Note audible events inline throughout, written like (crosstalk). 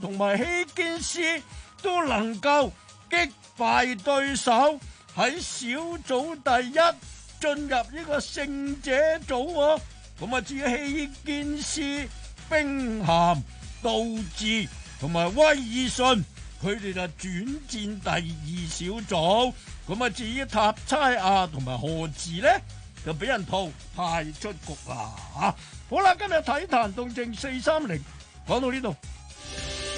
同埋希堅斯都能夠擊敗對手，喺小組第一進入呢個勝者組喎、啊，咁啊至於希堅斯、兵涵、道志同埋威爾遜，佢哋就轉戰第二小組，咁啊至於塔差亞同埋何字呢？就俾人淘汰出局啦吓。好啦，今日體壇動靜四三零，講到呢度。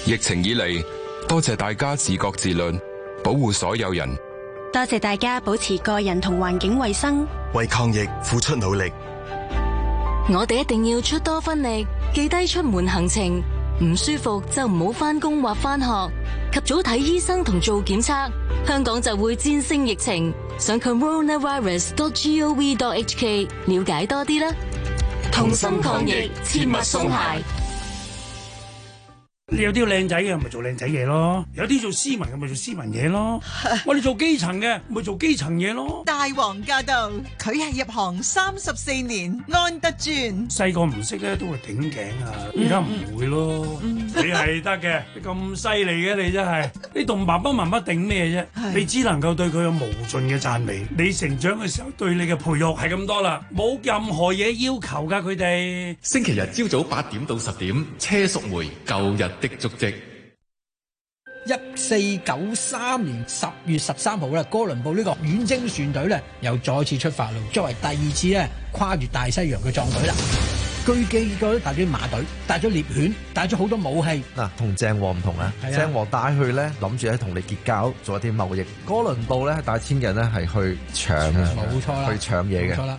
疫情以嚟，多謝大家自覺自律，保護所有人。多謝大家保持個人同環境衛生，為抗疫付出努力。我哋一定要出多分力，記低出門行程，唔舒服就唔好翻工或翻學，及早睇醫生同做檢測，香港就會戰勝疫情。上 coronavirus.gov.hk 了解多啲啦，同心抗疫，切勿鬆懈。你有啲做靚仔嘅，咪做靚仔嘢咯；有啲做斯文嘅，咪做斯文嘢咯。我 (laughs) 哋做基層嘅，咪做基層嘢咯。大王駕到，佢係入行三十四年，安德尊細個唔識咧，都會頂頸啊！而家唔會咯，嗯、你係得嘅，你咁犀利嘅你真係 (laughs) 你同爸爸媽媽頂咩啫？ (laughs) 你只能夠對佢有無盡嘅讚美。 (laughs) 你成長嘅時候對你嘅培育係咁多啦，冇任何嘢要求㗎佢哋。星期日朝早八點到十點，車淑梅舊日的足跡。一四九三年十月十三號啦，哥倫布呢個遠征船隊咧又再次出發啦，作為第二次咧跨越大西洋嘅壯舉啦。驅駕咗帶咗馬隊，帶咗獵犬，帶咗好多武器。嗱，同鄭和唔同啊，鄭和帶去咧諗住喺同你結交，做一啲貿易。哥倫布咧帶千人呢係去搶，冇錯，去搶嘢嘅。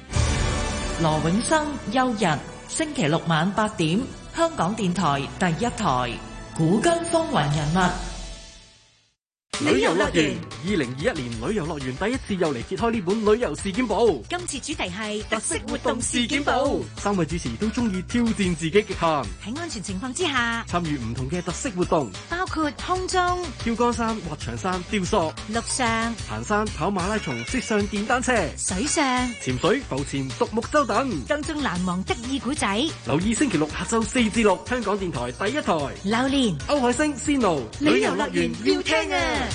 羅永生休日星期六晚八點，香港電台第一台。古今風雲人物，啊。旅遊樂園二零二一年旅遊樂園第一次又嚟揭開呢本旅遊事件簿。今次主題係特色活動事件簿。三位主持都中意挑戰自己極限。喺安全情況之下，參與唔同嘅特色活動，包括空中跳江山、滑長山雕塑、陸上行山、跑馬拉松、識上電單車、水上潛水、浮潛、獨木舟等。更中難忘得意古仔。留意星期六下晝四至六，香港電台第一台。榴槤歐海星、仙奴。旅遊樂園要聽啊！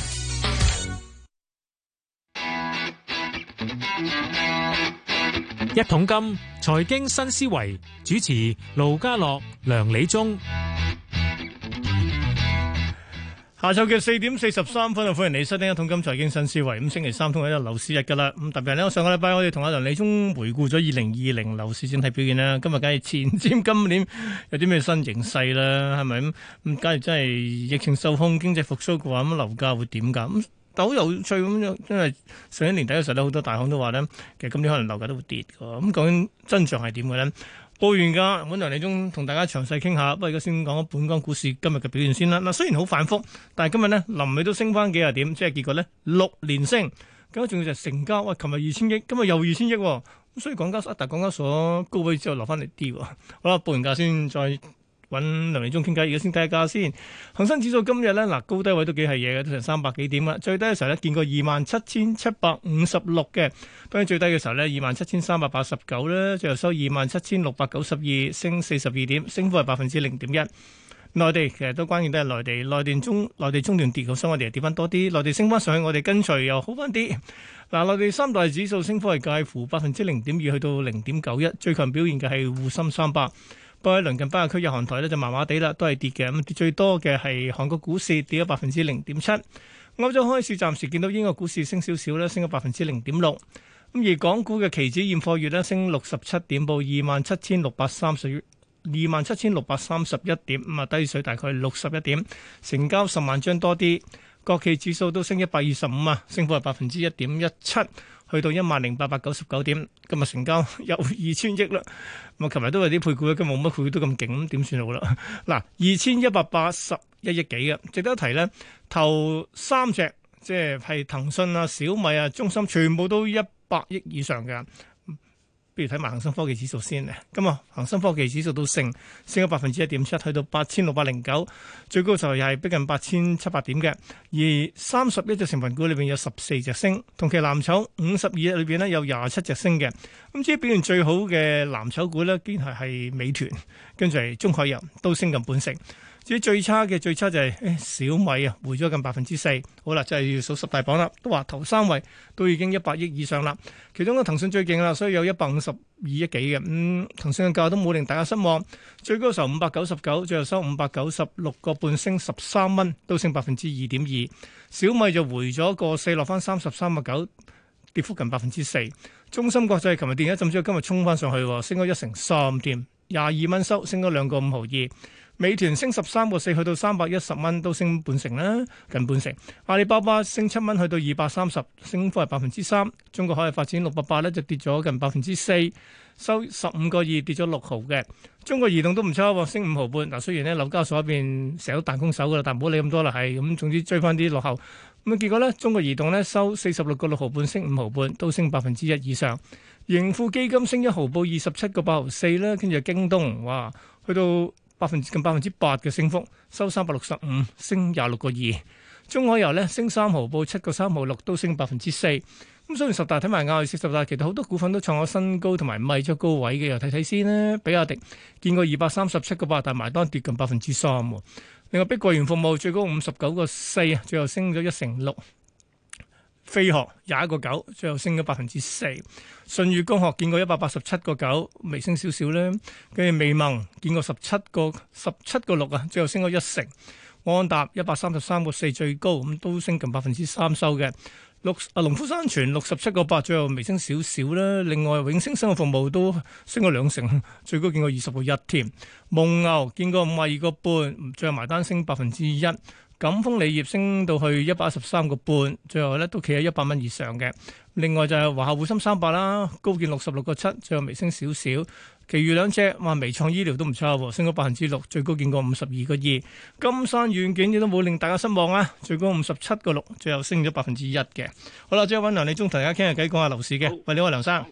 一桶金財經新思維，主持盧家樂、梁理忠，下晝嘅四點四十三分，歡迎你收聽一桶金財經新思維》。咁星期三同樣都係樓市日噶啦。咁特別呢，我上個禮拜我哋同阿梁理忠回顧咗二零二零樓市整體表現啦。今日梗係前瞻今年有啲咩新形勢啦，係咪咁？咁假如真係疫情受控、經濟復甦嘅話，咁樓價會點咁？就好有趣咁，真係上一年底嗰時咧，好多大行都話咧，其實今年可能樓價都會跌嘅。咁究竟真相係點嘅咧？報完價，我梁李中同大家詳細傾下。不過而家先講本港股市今日嘅表現先啦。嗱，雖然好反覆，但係今日咧臨尾都升翻幾廿點，即係結果咧六連升。咁仲要就係成交，喂，琴日二千億，今日又二千億。咁所以港交所，但係港交所高位之後留翻嚟跌。好啦，報完價先再。揾梁明忠傾偈，而家先睇下價先。恒生指數今日咧，嗱，高低位都幾係嘢嘅，都成三百幾點啦。最低嘅時候咧，見過二萬七千七百五十六嘅。當然最低嘅時候咧，二萬七千三百八十九啦。最後收二萬七千六百九十二，升四十二點，升幅係百分之零點一。內地其實都關鍵都係內地，內段中內地中段跌嘅，所以我哋又跌翻多啲。內地升翻上去，我哋跟隨又好翻啲。嗱，內地三大指數升幅係介乎百分之零點二去到零點九一，最強表現嘅係滬深三百。不過喺鄰近巴北區日韓台咧就麻麻地啦，都係跌嘅。咁跌最多嘅係韓國股市跌咗百分之零點七。歐洲開市暫時見到英國股市升少少咧，升咗百分之零點六。咁而港股嘅期指現貨月呢，升六十七點，報二萬七千六百三十，二萬七千六百三十一點。咁啊低水大概六十一點，成交十萬張多啲。國企指數都升一百二十五啊，升幅係百分之一點一七。去到一萬零八百九十九點，今日成交有二千億啦。咁啊，琴日都有啲配股，咁冇乜配股都咁勁，咁點算好啦？嗱，二千一百八十一億幾啊，值得一提咧。頭三隻即係係騰訊啊、小米啊、中芯，全部都一百億以上㗎。不如睇埋恒生科技指數先咧，咁啊，恒生科技指數都升，升咗百分之一點七，去到八千六百零九，最高時候又係逼近八千七百點嘅。而三十一隻成分股裏邊有十四隻升，同期藍籌五十二隻裏邊咧有廿七隻升嘅。咁至於表現最好嘅藍籌股咧，堅係係美團，跟住係中海油都升近半成。至於最差嘅，最差就係小米啊，回咗近百分之四。好啦，就係要數十大榜啦，都話頭三位都已經一百億以上啦。其中嘅騰訊最勁啦，所以有一百五十二億幾嘅。咁騰訊嘅價都冇令大家失望，最高嘅時候五百九十九，最後收五百九十六個半，升十三蚊，都升百分之二點二。小米就回咗個四，落翻三十三個九，跌幅近百分之四。中芯國際琴日跌一浸之後，今日衝翻上去，升咗一成三添，廿二蚊收，升咗兩個五毫二。美團升十三個四，去到三百一十蚊，都升半成啦，近半成。阿里巴巴升七蚊，去到二百三十，升幅係百分之三。中國海外發展六百八咧就跌咗近百分之四，收十五個二，跌咗六毫嘅。中國移動都唔差喎，升五毫半。嗱，雖然咧紐交所一邊成日都彈弓手噶啦，但唔好理咁多啦，係咁。總之追翻啲落後。咁啊，結果咧，中國移動咧收四十六個六毫半，升五毫半，都升百分之一以上。盈富基金升一毫27，報二十七個八毫四啦。跟住係京東，哇，去到。百分之近百分之八嘅升幅，收三百六十五，升廿六個二。中海油咧升三毫，報七個三毫六，都升百分之四。咁雖然十大睇埋亞斯十大，其實好多股份都創咗新高，同埋邁咗高位嘅，又睇睇先啦。比亞迪見過二百三十七個八，但埋單跌近百分之三。另外，碧桂園服務最高五十九個四啊，最後升咗一成六。飛鶴廿一個九，最後升咗百分之四。舜宇光學見過一百八十七個九，微升少少咧。跟住未盟見過十七個十七個六啊，最後升咗一成。安達一百三十三個四最高，咁都升近百分之三收嘅。六啊，農夫山泉六十七個八，.8%，最後微升少少咧。另外永升生活服務都升咗兩成，最高見過二十個一添。蒙牛見過五十二個半，最後再埋單升百分之一。錦豐鋰業升到去一百十三個半，最後咧都企喺一百蚊以上嘅。另外就係華夏滬深三百啦，高見六十六個七，最後微升少少。其餘兩隻，哇，微創醫療都唔錯喎，升咗百分之六，最高見過五十二個二。金山軟件亦都冇令大家失望啊，最高五十七個六，最後升咗百分之一嘅。好啦，最後揾梁李忠同大家傾下偈，講下樓市嘅。喂，你好，梁生。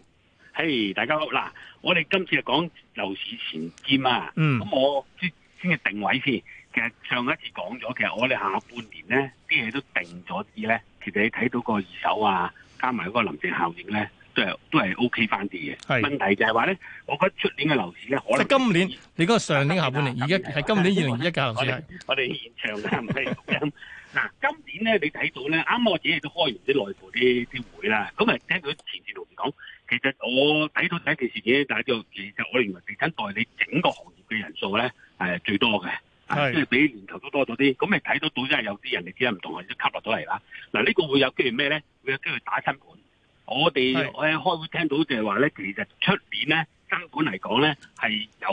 嘿、hey，大家好。嗱，我哋今次就講樓市前瞻啊。嗯。咁我先先定位先。其實上一次講咗，其實我哋下半年咧啲嘢都定咗啲咧。其實你睇到個二手啊，加埋嗰個臨時效應咧，都係都係 OK 返啲嘅。係問題就係話咧，我覺得出年嘅樓市咧、就係，可能。今年，你嗰個上年、啊、下半年，而家係今年二零二一嘅樓市。我哋現場嘅唔可以錄音。嗱、 (laughs) 啊，今年咧，你睇到咧，啱我自己都開完啲內部啲啲會啦。咁啊，聽到前線同事講，其實我睇到第一件事件，就係就其實我哋原來地產代理整個行業嘅人數咧，係最多嘅。係即係比年頭都多咗啲，咁你睇到到真係有啲人你哋啲唔同啊，都吸落咗嚟啦。嗱呢個會有機會咩咧？會有機會打新盤。我哋我喺開會聽到就係話咧，其實出年咧新盤嚟講咧係有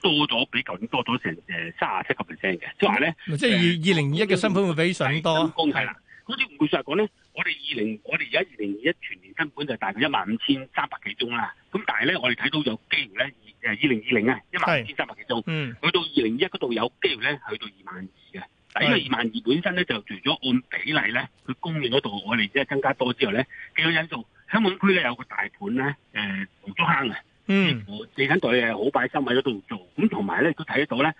多咗比舊年多咗成誒三十七個 percent 嘅，即係話咧，即係二二零二一嘅新盤會比上多係啦。嗰啲唔會實講咧，我哋二零我哋而家二零二一全年根本就大概一萬五千三百幾宗啦。咁但係咧，我哋睇到有機會咧，二二零二零啊一萬五千三百幾宗，嗯，去到二零二一嗰度有機會咧去到二萬二嘅。但係呢個二萬二本身咧就除咗按比例咧，佢供應嗰度我哋即係增加多之後咧，幾個因素？香港區咧有個大盤咧，誒、呃，黃竹坑啊，嗯，地產代理好擺心喺嗰度做。咁同埋咧都睇得到咧，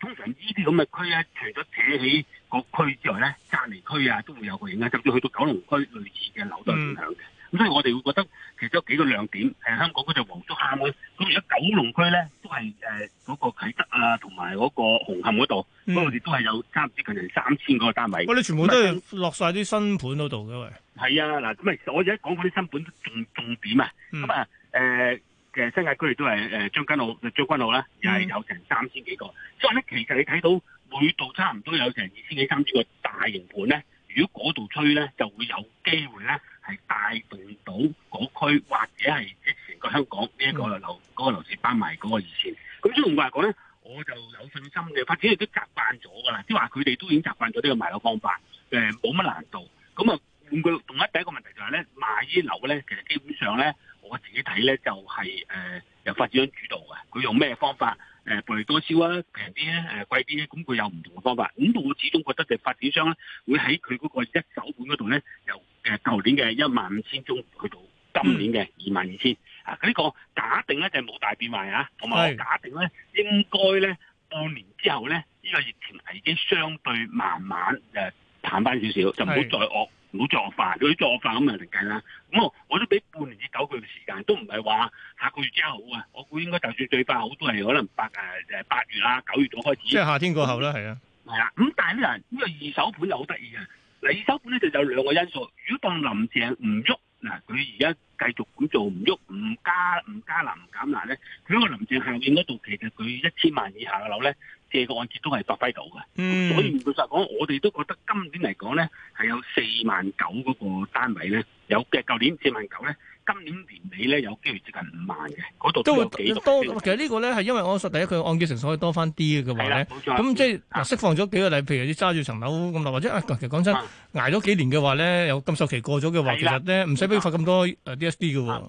通常呢啲咁嘅區咧，除咗扯起。那個區之外咧，隔籬區啊，都會有個影響，甚至去到九龍區類似嘅樓都影響嘅。咁、嗯、所以我哋會覺得，其中幾個亮點，誒、呃，香港嗰隻黃竹坑，咁而家九龍區咧都係誒嗰個啟德啊，同埋嗰個紅磡嗰度，咁、嗯、我哋都係有差唔多接近三千個單位。我哋全部都係落晒啲新盤嗰度嘅喂？係啊，嗱，咁啊，我而家講嗰啲新盤重重點啊，咁、嗯、啊，誒、呃、新界區亦都係誒將軍澳、將軍澳啦，又係、就是、有成三千幾個。嗯、所以咧，其實你睇到。每度差唔多有成二千幾、三千個大型盤咧，如果嗰度吹咧，就會有機會咧，係帶動到嗰區，或者係即成個香港呢一個樓嗰、嗰個樓市翻埋嗰個熱錢。咁所以嚟講咧，我就有信心嘅。發展亦都習慣咗噶啦，即係話佢哋都已經習慣咗呢個賣樓方法，冇、呃、乜難度。咁啊，換句同一第一個問題就係咧，賣啲樓咧，其實基本上咧，我自己睇咧就係、是、誒、呃、由發展商主導嘅，佢用咩方法？誒薄利多銷啊，平啲咧，誒貴啲咧，咁佢有唔同嘅方法。咁我始終覺得就發展商咧，會喺佢嗰個一手盤嗰度咧，由誒舊年嘅一萬五千宗去到今年嘅二萬二千。啊，佢、這、呢個假定咧就係冇大變壞啊，同埋假定咧應該咧半年之後咧，呢、這個疫情已經相對慢慢誒淡翻少少，就唔好再惡。冇做法，佢啲做法咁啊，嚟計啦。咁我都俾半年至九個月嘅時間，都唔係話下個月之後好啊。我估應該就算最快好都係可能八誒誒八月啦，九月度開始。即係夏天過後啦。係啊。係啊，咁但係呢？人，呢個，二手盤又好得意嘅。嗱，二手盤咧就有兩個因素。如果當林鄭唔喐。嗱，佢而家繼續咁做唔喐唔加唔加辣唔減辣咧，咁個林鄭效應嗰度其實佢一千萬以下嘅樓咧，借個按揭都係發揮到嘅。嗯，所以唔對話講，我哋都覺得今年嚟講咧，係有四萬九嗰個單位咧，有嘅舊年四萬九咧。今年年尾咧有機會接近五萬嘅，嗰度都會幾多。其實呢個咧係因為我話第一，佢按揭成數可以多翻啲嘅話咧，咁即係釋放咗幾個例，譬如你揸住層樓咁耐，或者啊，其實講真，挨咗幾年嘅話咧，有禁售期過咗嘅話，其實咧唔使俾佢發咁多誒 DSD 嘅喎。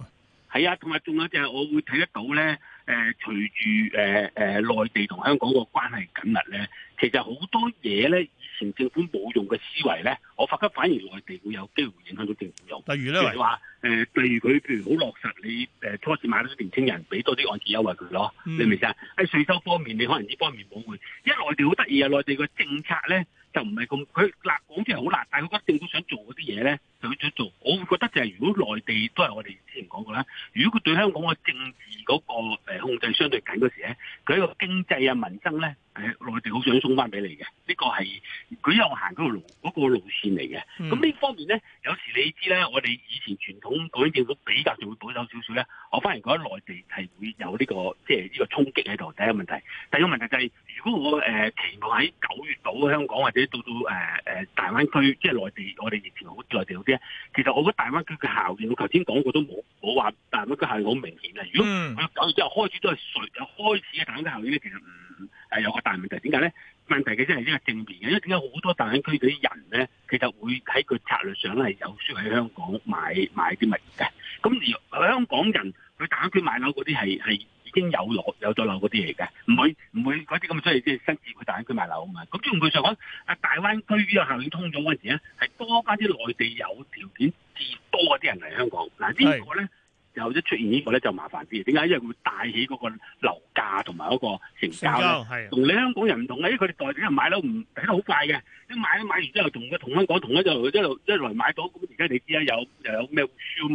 係啊，同埋仲有就係我會睇得到咧，誒，隨住誒誒內地同香港個關係緊密咧，其實好多嘢咧。政府冇用嘅思維咧，我發覺反而內地會有機會影響到政府用。例如咧，譬、呃、如話誒，例如佢譬如好落實，你誒初次買樓啲年輕人，俾多啲按揭優惠佢咯、嗯，你明唔明先？喺稅收方面，你可能呢方面冇換。因為內地好得意啊，內地個政策咧就唔係咁，佢難講出嚟好難，但係佢覺得政府想做嗰啲嘢咧。佢想做，我會覺得就係如果內地都係我哋之前講過啦，如果佢對香港嘅政治嗰個控制相對緊嗰時咧，佢一個經濟啊民生咧，誒內地好想送翻俾你嘅，呢、這個係佢有行嗰條路嗰、那個路線嚟嘅。咁、嗯、呢方面咧，有時你知咧，我哋以前傳統港英政府比較仲會保守少少咧，我反而覺得內地係會有呢、這個即係呢個衝擊喺度。第一問題，第二問題就係、是、如果我誒期望喺九月到香港或者到到誒誒大灣區，即、就、係、是、內地，我哋以情好內地。其實我覺得大灣區嘅效應我頭先講過，都冇冇話大灣區效應好明顯嘅。如果佢九月之後開始都係隨有開始嘅大灣區效應咧，其實唔係，呃，有個大問題。點解咧？問題嘅真係因為正面嘅，因為點解好多大灣區嗰啲人咧，其實會喺佢策略上咧係有需要喺香港買買啲物業嘅。咁而香港人去大灣區買樓嗰啲係係，已經有落有咗樓嗰啲嚟嘅，唔會唔會嗰啲咁即係即係新置佢大灣區買樓啊嘛，咁從面上講，啊大灣區呢個效應通咗嗰陣時咧，係多返啲內地有條件至多嗰啲人嚟香港，嗱呢個咧。有一出現呢個咧就麻煩啲，點解？因為會帶起嗰個樓價同埋嗰個成交咧。同你香港人唔同嘅，咦？佢哋代理人買樓唔睇得好快嘅，一買咧買完之後，同個同香港同一就一路一路一路買到。咁而家你知啦，有又有咩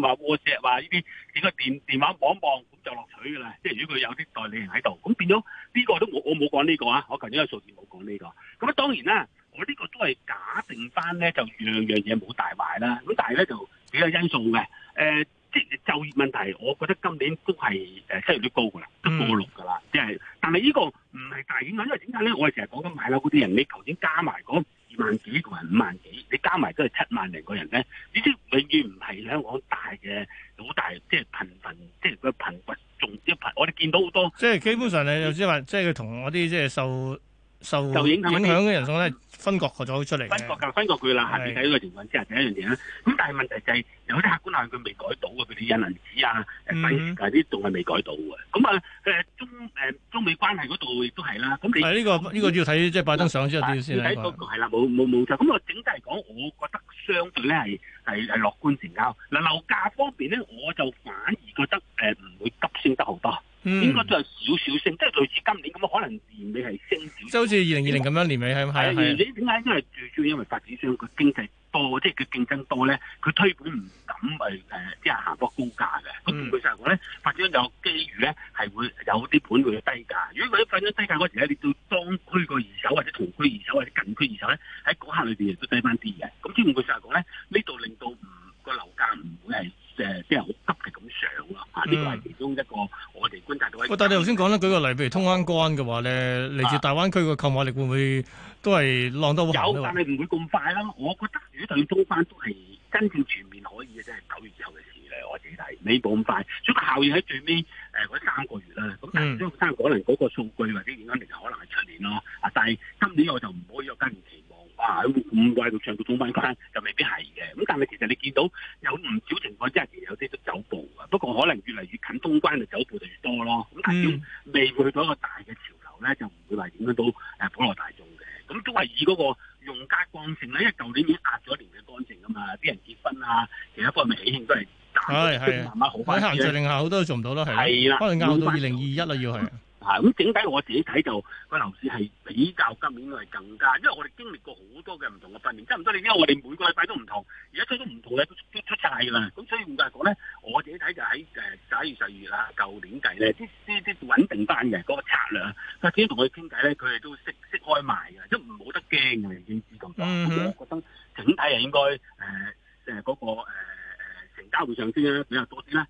話 WhatsApp 話呢啲幾個電電話網望咁就落取嘅啦。即係如果佢有啲代理人喺度，咁變咗呢個都我我冇講呢個啊。我近咗個數字冇講呢個。咁啊當然啦，我呢個都係假定翻咧，就樣樣嘢冇大壞啦。咁但係咧就幾個因素嘅，誒。即係就業問題，我覺得今年都係誒失業率高㗎啦，都過六㗎啦。即係，但係呢個唔係大影響，因為點解咧，我哋成日講緊買樓嗰啲人，你頭先加埋嗰二萬幾同埋五萬幾，你加埋都係七萬零個人咧。呢啲永遠唔係香港大嘅好大的，即係貧貧，即係個貧困中之貧。我哋見到好多，即係基本上你又即係話，即係佢同我啲即係受。受影響嘅人數咧，分割個咗出嚟嘅。分割嘅，分割佢啦。下邊睇到嘅情況之下，第一樣嘢咧。咁但係問題就係有啲客觀因素，佢未改到嘅，譬如引銀紙啊，誒低啊啲，仲係未改到嘅。咁啊，誒中誒中美關係嗰度亦都係啦。咁你係呢個呢個要睇即係拜登上咗之後，要睇到係啦，冇冇冇錯咁。我整體嚟講，我覺得相對咧係係係樂觀成交。嗱樓價方面咧，我就反而覺得誒唔會急升得好多。嗯、應該都係少少升，即係類似今年咁啊。可能升升年尾係升少，即係好似二零二零咁樣，年尾係係係。你點解，因為最主要因為發展商佢經濟多，即係佢競爭多咧，佢推盤唔敢咪誒、呃，即係行波高價嘅。咁換句話講咧，發展商有機遇咧，係會有啲盤會低價。如果佢發展低價嗰時咧，你到當區個二手或者同區二手或者近區二手咧，喺嗰刻裏邊亦都低翻啲嘅。咁即換句話講咧，呢度令到唔個樓價唔會係。誒，即係好急嘅咁上啦，啊呢個係其中一個我哋觀察到。喂、嗯，但你頭先講啦，舉個例，譬如通關嘅話咧，嚟自大灣區嘅購買力會唔會都係浪得好？有，但係唔會咁快啦。我覺得如果佢通翻，都係真正全面可以嘅即係。九、就是、月之後嘅事咧，我自己睇你冇咁快。所以個效應喺最尾誒嗰三個月啦。咁張生可能嗰個數據或者影響力可能係出年咯。啊，但係今年我就唔可以有更緊。啊！唔喺度唱到東關關，就未必係嘅。咁但係其實你見到有唔少情況之下，其實有啲都走步啊。不過可能越嚟越近東關就走步就越多咯。咁但係未去到一個大嘅潮流咧，就唔會話影響到誒普羅大眾嘅。咁都係以嗰個用家慣性咧，因為舊年已經壓咗一年嘅慣性啊嘛，啲人結婚啊，其他方面喜慶都係慢慢好翻。喺行就另下好多都做唔到咯，係啦，可能壓到二零二一啦，要係。啊，咁整體我自己睇就個樓市係比較今年係更加，因為我哋經歷過好多嘅唔同嘅訓練，差唔多。你因為我哋每個禮拜都唔同，而家出都唔同嘅都出曬噶啦。咁所以換句話講咧，我自己睇就喺誒十一月十二月啊，舊年計咧，啲啲啲穩定翻嘅嗰個策略啊，頭先同佢傾偈咧，佢哋都識識開賣嘅，都唔冇得驚嘅，已經知道咁。咁我覺得整體係應該誒誒嗰個誒誒成交會上升咧比較多啲啦。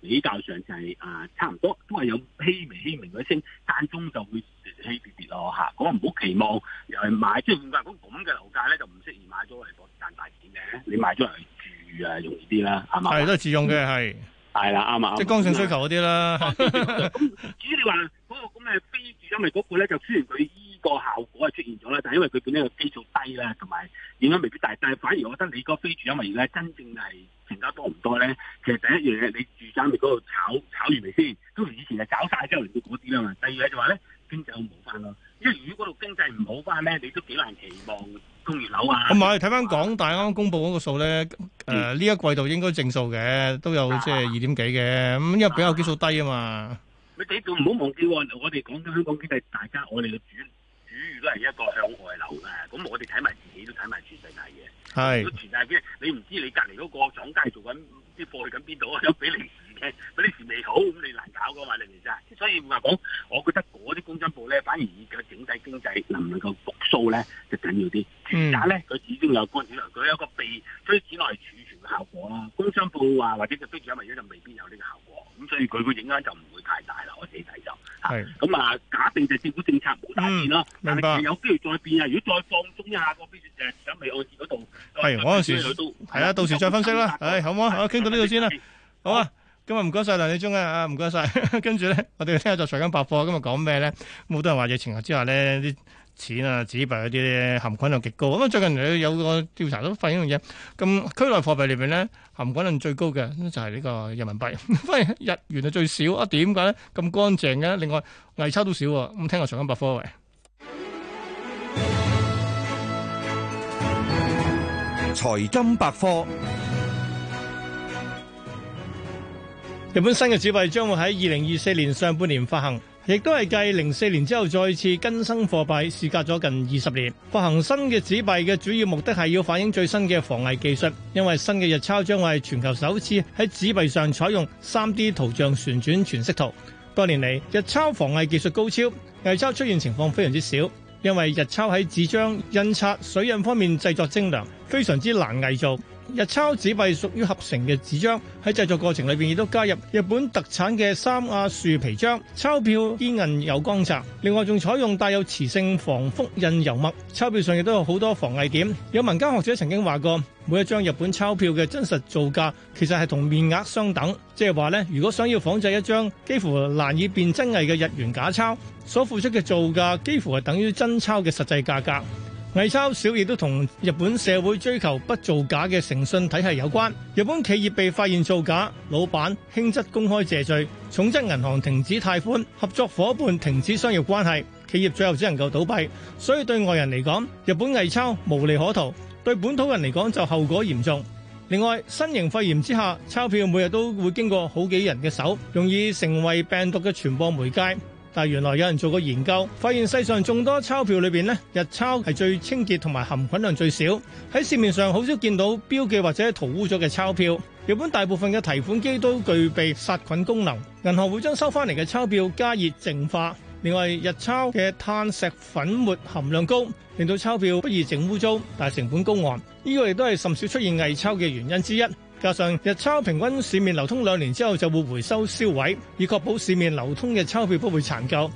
比較上就係、是、啊、呃，差唔多都係有輕微輕微嘅升，間中就會起跌跌咯嚇。嗰個唔好期望又係買現，即係見到嗰個咁嘅樓價咧，就唔適宜買咗嚟搏賺大錢嘅。你買咗嚟住啊，容易啲啦，係嘛？係都係自用嘅，係係啦，啱啊！即係剛性需求嗰啲啦。咁 (laughs) 至於你話嗰、那個咁嘅非住，因為嗰個咧、那個、就雖然佢依個效果係出現咗啦，但係因為佢本身個基數低啦，同埋影響未必大。但係反而我覺得你嗰個非住因為而家真正係成交多唔多咧，其實第一樣嘢你。攪嚟嗰度炒炒完咪先，都唔以前係搞曬之後嚟到嗰啲啊嘛。第二嘢就話咧，經濟好冇翻咯？因為如果嗰度經濟唔好翻咧，你都幾難期望供月樓啊。同埋睇翻港大啱啱公布嗰個數咧，誒呢一季度應該正數嘅，都有即係二點幾嘅。咁因為比較基數低啊嘛。你哋仲唔好忘記，我哋講緊香港經濟，大家我哋嘅主主都係一個向外流嘅，咁我哋睇埋自己都睇埋全世界嘅。係。全世界嘅，你唔知你隔離嗰個廠家做緊啲貨去緊邊度啊？俾你。嗰啲事未好，咁你難搞噶嘛？你其實，所以話講，我覺得嗰啲工商部咧，反而整個整體經濟能唔能夠復蘇咧，就緊要啲。嗯，但係咧，佢始終有官，可能佢有一個備，所以之內儲存嘅效果啦。工商部話或者佢備住一萬億，就未必有呢個效果。咁所以佢嘅影響就唔會太大啦。我睇睇就吓，咁啊，假定就政府政策冇大變咯，但係，有機會再變啊！如果再放鬆一下個誒，咁嚟我嗰度係，我陣時係啊，到時再分析啦。誒，好唔好啊？傾到呢度先啦，好啊。今日唔該晒梁志忠啊，唔該晒。跟住咧，我哋聽下《就財金百科》今日講咩咧？好多人話疫情之下咧，啲錢啊、紙幣嗰啲含菌量極高。咁啊，最近嚟，有個調查都發現一樣嘢。咁區內貨幣裏邊咧，含菌量最高嘅就係呢個人民幣，反 (laughs) 而日元係最少啊？點解咧？咁乾淨嘅，另外偽鈔都少。咁聽下《財金百科》喂，《財金百科》。日本新嘅紙幣將會喺二零二四年上半年發行，亦都係繼零四年之後再次更新貨幣，事隔咗近二十年。發行新嘅紙幣嘅主要目的係要反映最新嘅防偽技術，因為新嘅日鈔將會係全球首次喺紙幣上採用三 D 圖像旋轉全息圖。多年嚟，日鈔防偽技術高超，偽鈔出現情況非常之少，因為日鈔喺紙張、印刷、水印方面製作精良，非常之難偽造。日鈔紙幣屬於合成嘅紙張，喺製作過程裏邊亦都加入日本特產嘅三椏樹皮漿，鈔票堅韌有光澤，另外仲採用帶有磁性防複印油墨。鈔票上亦都有好多防偽點。有民間學者曾經話過，每一張日本鈔票嘅真實造價其實係同面額相等，即係話呢，如果想要仿製一張幾乎難以辨真偽嘅日元假鈔，所付出嘅造價幾乎係等於真鈔嘅實際價格。偽鈔少亦都同日本社會追求不造假嘅誠信體系有關。日本企業被發現造假，老闆輕則公開謝罪，重則銀行停止貸款，合作夥伴停止商業關係，企業最後只能夠倒閉。所以對外人嚟講，日本偽鈔無利可圖；對本土人嚟講就後果嚴重。另外，新型肺炎之下，鈔票每日都會經過好幾人嘅手，容易成為病毒嘅傳播媒介。但原來有人做過研究，發現世上眾多鈔票裏面，日鈔係最清潔同埋含菌量最少。喺市面上好少見到標記或者塗污咗嘅鈔票。日本大部分嘅提款機都具備殺菌功能，銀行會將收翻嚟嘅鈔票加熱淨化。另外，日鈔嘅碳石粉末含量高，令到鈔票不易淨污糟，但係成本高昂。呢、這個亦都係甚少出現偽鈔嘅原因之一。加上日鈔平均市面流通兩年之後就會回收銷毀，以確保市面流通嘅鈔票不會殘舊。